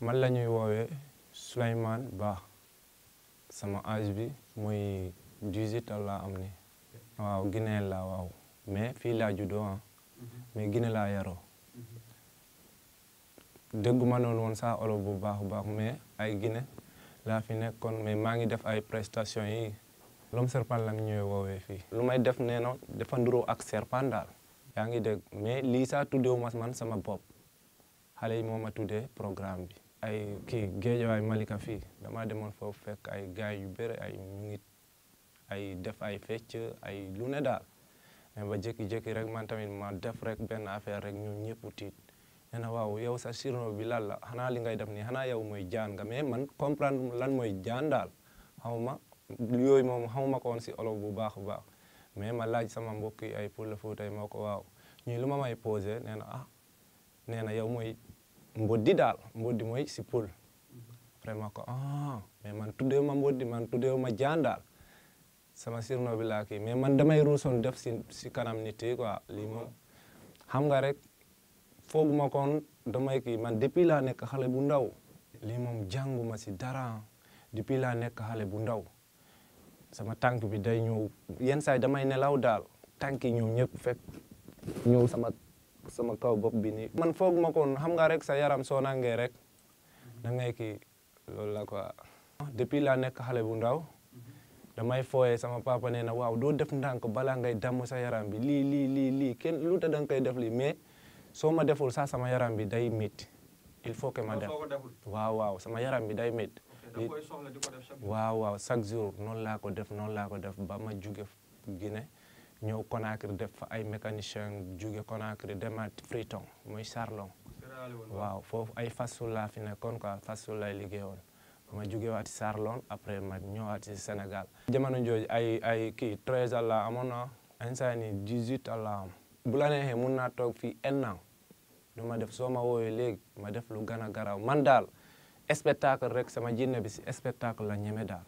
man la ñuy woowee Souleymane baax sama âge bi mooy dix-huit ans laa am ni waaw Guinée laa waaw mais fii laa juddoo ah mais Guinée laa yaroo dégguma noonu woon saa olof bu baax baax mais ay Guinée laa fi nekkoon mais maa ngi def ay prestation yi l'homme serpent la ñuy woowee fii lu may def nee na defandiroo ak serpent daal yaa ngi dégg mais lii saa tuddee mas man sama bopp xale yi moo tuddee programme bi ay kii géejawaay Malika fii damaa demoon foofu fekk ay gaay yu bëri ay ñu ngi ay def ay fecc ay lune daal mais ba jékki-jékki rek man tamit ma def rek benn affaire rek ñun ñëpp tiit waaw yow sa surnom bi lan la xanaa li ngay def nii xanaa yow mooy jaan nga mais man comprendre lan mooy jaan daal xaw ma yooyu moom xaw ma ko woon si olof bu baax a baax mais ma laaj sama mbokk yi ay pour le foot ay moo ko waaw ñuy lu ma may posé nee na ah, na yow mooy mboddi daal mboddi mooy si pël vraiment ko ah mais man tuddee ma mboddi man tuddee ma jaan daal sama sirno bi laa kii mais man damay ruusoon def si si kanam nit yi quoi lii moom xam nga rek fooguma koon damay kii man depuis laa nekk xale bu ndaw lii moom jànguma si dara depuis laa nekk xale bu ndaw sama tànk bi day ñëw yenn saay damay nelaw daal tànk yi ñëw fekk ñëw sama sama kaw bopp bi nii man foog ma koon xam nga rek sa yaram soo nangee rek da ngay kii loolu la quoi depuis laa nekk xale bu ndaw damay fooyee sama papa nee na waaw doo def ndànk balaa ngay damm sa yaram bi lii lii lii lii kenn lu ta da koy def lii mais soo ma deful sax sama yaram bi day métti il faut que ma def waaw waaw sama yaram bi day métti waaw waaw chaque jour noonu laa ko def noonu laa ko def ba ma jóge Guinée ñëw Conakry def fa ay mécanicien jóge Conakry demaat Friton mooy Sarlon waaw foofu ay fasul laa fi nekkoon quoi fasul liggéey woon ma jógewaati Sarlon après ma ñëwaati Sénégal jamono jooju ay ay kii treize à la amoon na ah, instant huit à am bu la mun naa toog fii un an ma def soo ma wooyee léegi ma def lu gën a garaw man daal spectacle rek sama jinne bi si spectacle la ñeme daal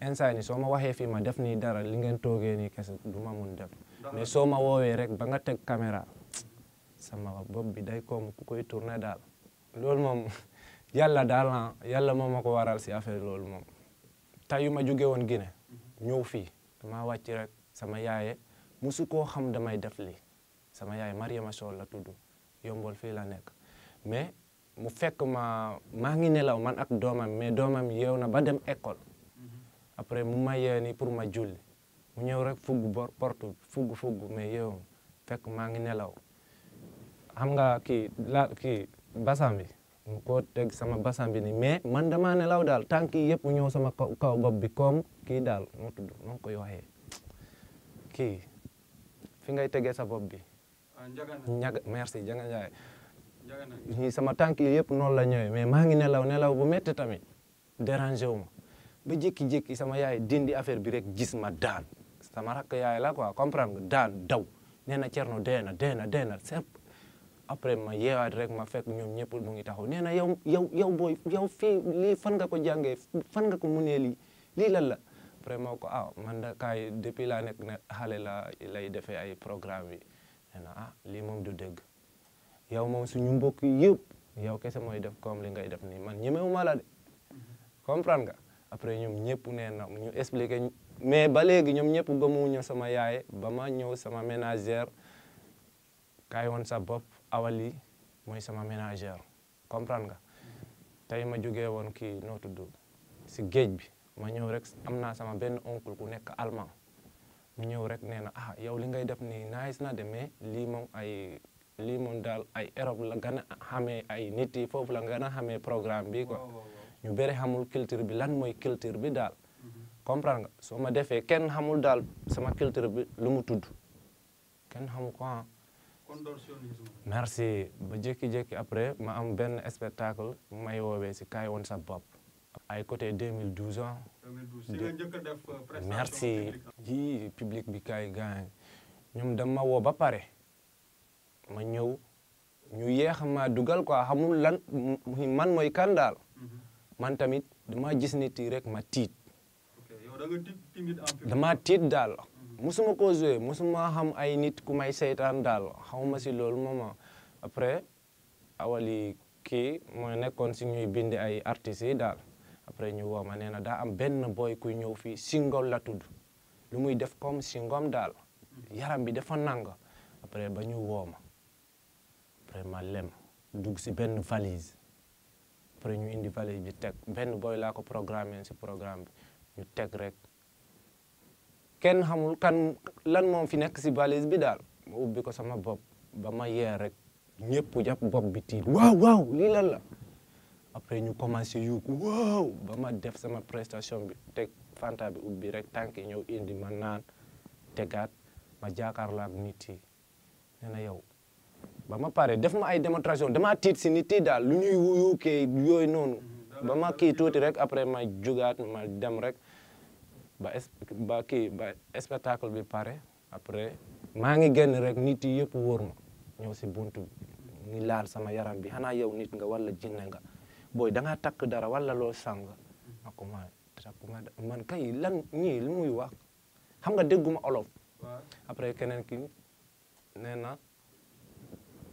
instant ni soo ma waxee fii ma def nii dara li ngeen toogee nii kese du ma mun def mais soo ma woowee rek ba nga teg caméra sama bopp bi day koom ku koy tourné daal loolu moom yàlla daal na yàlla moom ma ko waral si affaire loolu moom tey yu ma jóge woon gine ñëw fii ma wàcc rek sama yaaye musu koo xam damay def lii sama yaay ma Sow la tudd yombol fii la nekk mais mu fekk ma maa ngi nelaw man ak doomam mais doomam yeew na ba dem école après mu mayee ni pour ma julli mu ñëw rek fugg porte fug fugg ma yow fekk maa ngi nelaw xam nga kii la kii basan bi mu ko teg sama basan bi ni mais man dama nelaw daal tànk yëpp mu ñëw sama kaw bopp bi comme kii daal moo tudd moo koy waxee kii fi ngay tegee sa bopp bi ñaga ah, merci janga njaay ñi sama tànk yëpp noonu la ñëwee mais maa ngi nelaw nelaw bu métti tamit dérangé wu ma ba jékki-jékki sama yaay dindi affaire bi rek gis ma daan sama rakk yaay la quoi comprendre nga daan daw nee na Thierno dee na dee na dee na après ma yeewaat rek ma fekk ñoom ñëpp mu ngi taxaw nee na yow yow yow booy yow fii lii fan nga ko jàngee fan nga ko munee lii lii lan la après moo ko ah man da kaay depuis laa nekk ne la lay defee ay programme yi nee ah lii moom du dégg yow moom suñu mbokk yëpp yow kese mooy def comme li ngay def nii man ñemewuma la de mhm. après ñoom ñëpp nee na ñu expliqué mais ba léegi ñoom ñëpp gëmuñu sama yaay ba ma ñëw sama ménagère kaay woon sa bopp awali mooy sama ménagère comprendre nga tey ma jógee woon kii noo tudd si géej bi ma ñëw rek am naa sama benn oncle ku nekk allemand mu ñëw rek nee na ah yow li ngay def nii nice na de mais lii moom ay lii moom daal ay Europe la gën a xamee ay nitti yi foofu la gën a xamee programme bi quoi ñu bëri xamul culture bi lan mooy culture bi daal comprendre soo ma defee kenn xamul daal sama culture bi lu mu tudd kenn xamu ko ah merci ba jékki-jékki après ma am benn spectacle may woowee si kaay woon sa bopp ay côté 2012 ans ah. euh, merci ah. yii public bi kaay gaañ ñoom dama woo ba pare ma ñëw ñu yeex ma dugal quoi xamul lan man mooy kan daal man tamit dama gis nit yi rek ma tiit dama tiit daal mhm. musuma ko joué musuma xam ay nit ku may seytaan daal xawma si loolu mooma après awali kii mooy nekkoon si ñuy bind ay artistes yi daal après ñu woo ma nee na daa am benn boy kuy ñëw fii singom la tudd lu muy def comme singom daal mhm. yaram bi dafa nang après ba ñu woo ma après ma lem dugg si benn valise après ñu indi valise bi teg benn booy laa ko programme si programme bi ñu teg rek kenn xamul kan lan moom fi nekk si valise bi daal ma ubbi ko sama bopp ba ma yeer rek ñëpp jàpp bopp bi tiit waaw waaw lii lan la après ñu commencé yuuku waaw ba ma def sama prestation bi teg fanta ubbi rek tànk yi ñëw indi ma naan tegaat ma jaakaarloo ak nit yi nee na yow ba ma pare def ma ay démonstration damaa tiit si niti daal lu ñuy wuyu kii yooyu noonu ba ma kii tuuti rek après ma jugaat ma dem rek ba ba bi pare après maa ngi génn rek nit yi yëpp wóor ñëw si buntu ni laal sama yaram bi xanaa yow nit nga wala jinne nga booy da ngaa takk dara wala loo sang akuma man kay lan ñii lu muy wax xam nga dégguma olof après keneen ki nee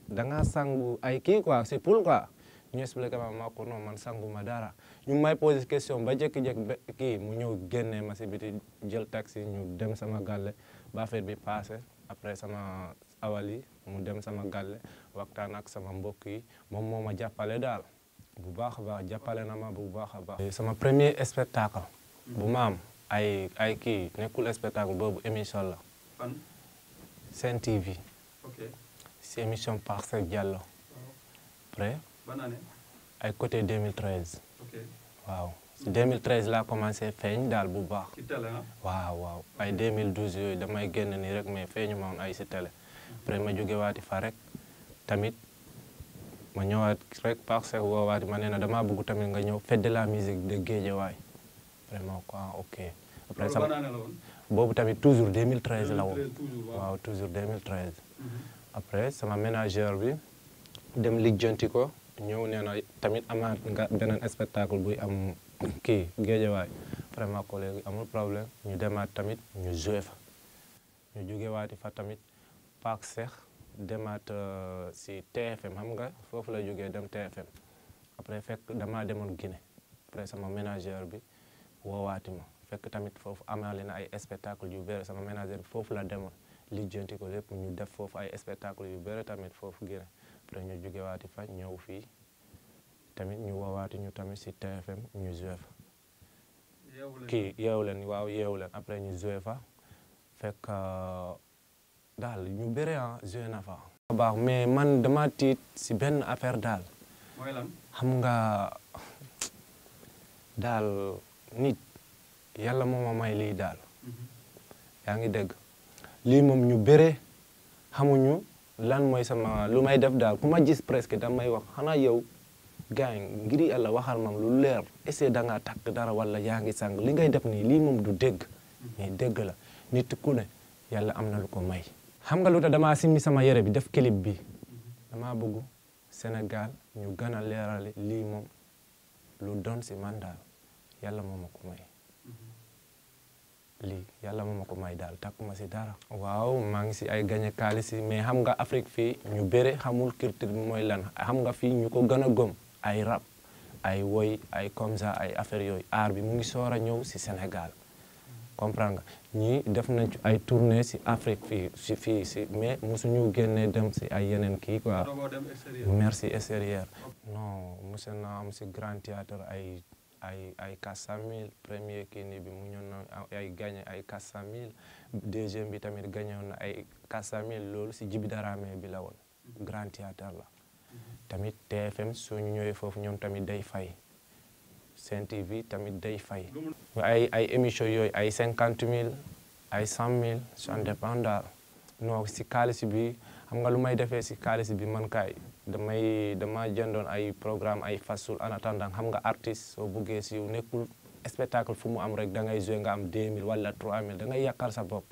da ngaa sangu ay kii quoi si poul quoi ñu expliqué ma maa ko non man sangu ma dara ñu may posé question ba jékki-jékki kii mu ñëw génnee ma si biti jël taxi ñu dem sama gàlle ba affaire bi passé après sama awali mu dem sama gàlle waxtaan ak sama mbokk yi moom moo ma jàppale daal bu baax a baax jàppale na ma bu baax a baax. sama premier spectacle. bu maam ay ay kii nekkul spectacle boobu émission la. fan. Sen TV. si émission par Seck Diallo. après. ay côté 2013. waaw si 2013 laa commencé feeñ daal bu baax. ci télé ah? waaw waaw ay 2012 yooyu damay génn nii rek mais feeñu ma woon ay si télé. après ma jóge waati fa rek tamit ma ñëwaat rek par Seck woowaati ma nee na damaa bëgg tamit nga ñëw fête de la musique de Guédiawaye vraiment quoi ok. après sama boobu tamit toujours 2013 la woon. waaw toujours après sama ménageur bi dem lijjanti ko ñëw nee na tamit amaat nga beneen spectacle buy am kii géejawaay vraiment collègue amul problème ñu demaat tamit ñu joué fa ñu jógewaati fa tamit paak seex demaat euh, si TFM xam nga foofu la jógee dem TFM après fekk damaa demoon Guinée après sama ménageur bi woowaati ma fekk tamit foofu amaale na ay spectacle yu bëri sama ménageur bi foofu la demoon lijjanti ko lépp ñu def foofu ay spectacle yu bëri tamit foofu Guinée après ñu jugewaati fa ñëw fii tamit ñu woowaati ñu tamit si fa kii yeewu leen waaw yeewu leen après ñu joué fa fekk euh, daal ñu bëri ah joué na mais man dama tiit si benn affaire daal xam nga daal nit yàlla moo ma may lii daal mhm. yaa ngi dégg lii moom ñu bëre xamuñu lan mooy sama lu may def daal ku ma gis presque da may wax xanaa yow gaañ ngir yàlla waxal ma lu leer essayer da ngaa takk dara wala yaa ngi sàng li ngay def nii lii moom du dégg mais dégg la nit ku ne yàlla am na lu ko may. xam nga lu tax dama simmi sama yére bi def clip bi dama bëgg senegal ñu gën a leerale lii moom lu doon si man daal yàlla moo ma ko may. lii yàlla moo ma ko may daal takkuma si dara. waaw maa ngi si ay gañe kaalis mais xam nga Afrique fii ñu bëre xamul culture bi mooy lan xam nga fii ñu ko gën a gëm ay rab ay woy ay comme ça ay affaire yooyu aar bi mu ngi soor a ñëw si senegal comprendre nga ñii def nañ ay tournée si Afrique fii si fii si mais mosuñu génne dem si ay yeneen kii quoi. merci extérieur. non mosu naa am si grand théâtre ay. ay ay 400000 premier kii nii bi mu ñëw na ay gagné ay 400000 deuxième bi tamit gagné woon na ay 400000 loolu si Djiby Dramé bi la woon grand théâtre la tamit TFM suñu ñëwee foofu ñoom tamit day fay Sen TV tamit day fay ay ay émission yooyu ay mille ay cent ça dépend daal non si xaalis bi xam nga lu may defee si xaalis bi man kaay damay dama jëndoon ay programme ay fasul en attendant xam nga artiste soo buggee si nekkul spectacle fu mu am rek da ngay joué nga am 2000 wala 3000 da dangay yàqal sa bopp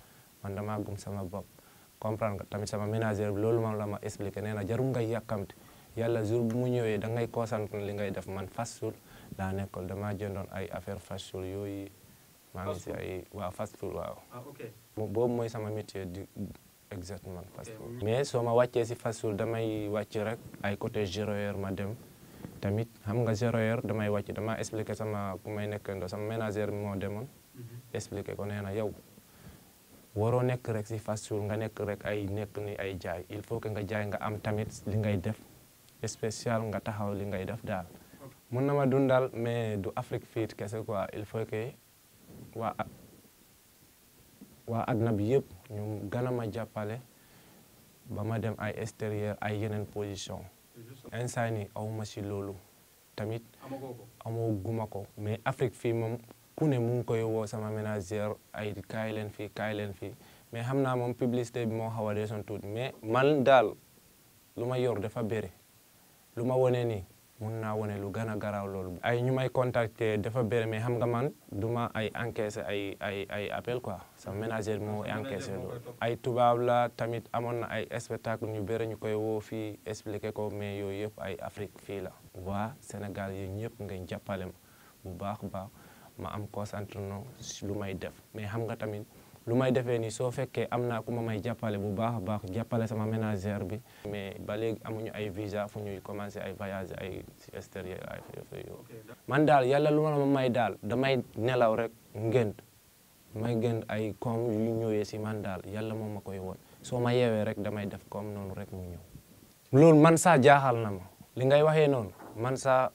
man damaa gum sama bopp comprendre nga tamit sama ménagère loolu moom la ma expliqué nee na jarul ngay yàkkamti yàlla jour bu mu ñëwee da ngay concentré li ngay def man fasul daa nekkool damaa jëndoon ay affaire fasul yooyu maa ngi si ay waaw fasul ah, mooy sama métier di exactement fast food mais soo ma wàccee si fast food damay wàcc rek ay côté zéro ma dem tamit xam nga zéro damay wàcc dama expliqué sama bu may nekkandoo sama ménagère bi moo demoon mhm. expliqué ko nee na yow waroo nekk rek si fast food nga nekk rek ay nekk ni ay jaay il faut que nga jaay nga am tamit li ngay def spécial nga taxaw li ngay def daal mun na ma dundal mais du Afrique fii kese quoi il faut que waa waa àdduna bi yëpp ñu gën a ma jàppale ba ma dem ay extérieur ay yeneen position mhm. instant ni aw ma si loolu tamit amoo guma ko mais Afrique fii moom ku ne mu ngi koy woo sama ménagère ay kaay leen fii kaay leen fii mais xam naa moom publicité bi moo xaw a desoon tuuti mais man daal lu ma yor dafa bëri lu ma wone nii mun naa wane lu gën a garaaw loolu. ay ñu may contacter dafa bëri mais xam nga man duma ay encaissé ay ay ay appel quoi sa ménager moo encaissé loolu. ay tubaab la tamit amoon na ay spectacle ñu bëri ñu koy woo fii expliqué ko mais yooyu yëpp ay Afrique fii la. waa Sénégal yooyu ñëpp ngeen jàppale ma bu baax baax ma am concentration lu may def mais xam nga tamit. lu may defee nii soo fekkee am naa ku ma may jàppale bu baax a baax jàppale sama ménagère bi mais ba léegi amuñu ay visa fu ñuy commencé ay voyage ay si man daal yàlla lu ma may daal damay nelaw rek ngént may gën ay comme yu ñëwee si man daal yàlla moom ma koy woon soo ma yeewee rek damay def comme noonu rek mu ñëw loolu man saa jaaxal na ma li ngay waxee noonu man saa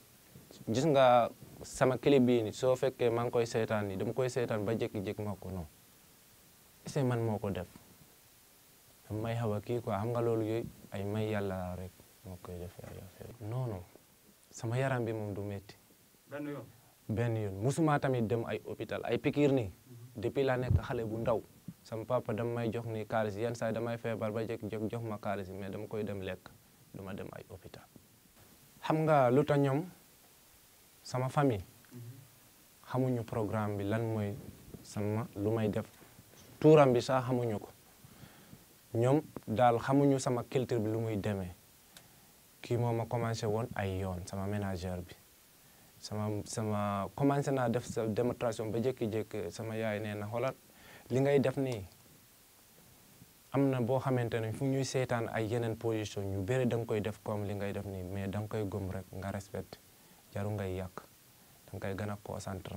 jis nga sama clip bii ni soo fekkee maa ngi koy seetaan ni dama koy seetaan ba jékki-jékki ma ko noonu est man moo ko def may xaw a kii quoi xam nga loolu yooyu ay may yàlla rek moo koy def non sama yaram bi moom du metti benn yoon benn tamit dem ay hôpital ay pikiir nii mhm. depuis la nekk xale bu ndaw sama papa dam may jox ni kaalis yenn saa damay feebar ba jek jek jox ma kaalis mais dama koy dem lekk du dem ay hôpital xam nga lu ta ñoom sama famille mhm. xamuñu programme bi lan mooy sama lu may def tuuram bi sax xamuñu ko ñoom daal xamuñu sama culture bi lu muy demee kii moom ma commencé woon ay yoon sama ménagère bi sama sama commencé naa def sa démonstration ba jékki-jékki sama yaay nee na xoolal li ngay def nii am na boo xamante ne fu ñuy seetaan ay yeneen position ñu bëri da nga koy def koom li ngay def nii mais danga koy gëm rek nga respecté jaru ngay yàq da koy gën a concentré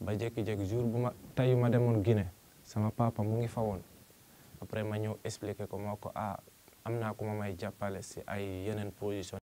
ba jékki-jékki jour bu ma tayu ma demoon Guinée sama papa mu ngi fa woon après ma ñëw expliquer ko moo ko ah am naa ku ma may jàppale si ay yeneen position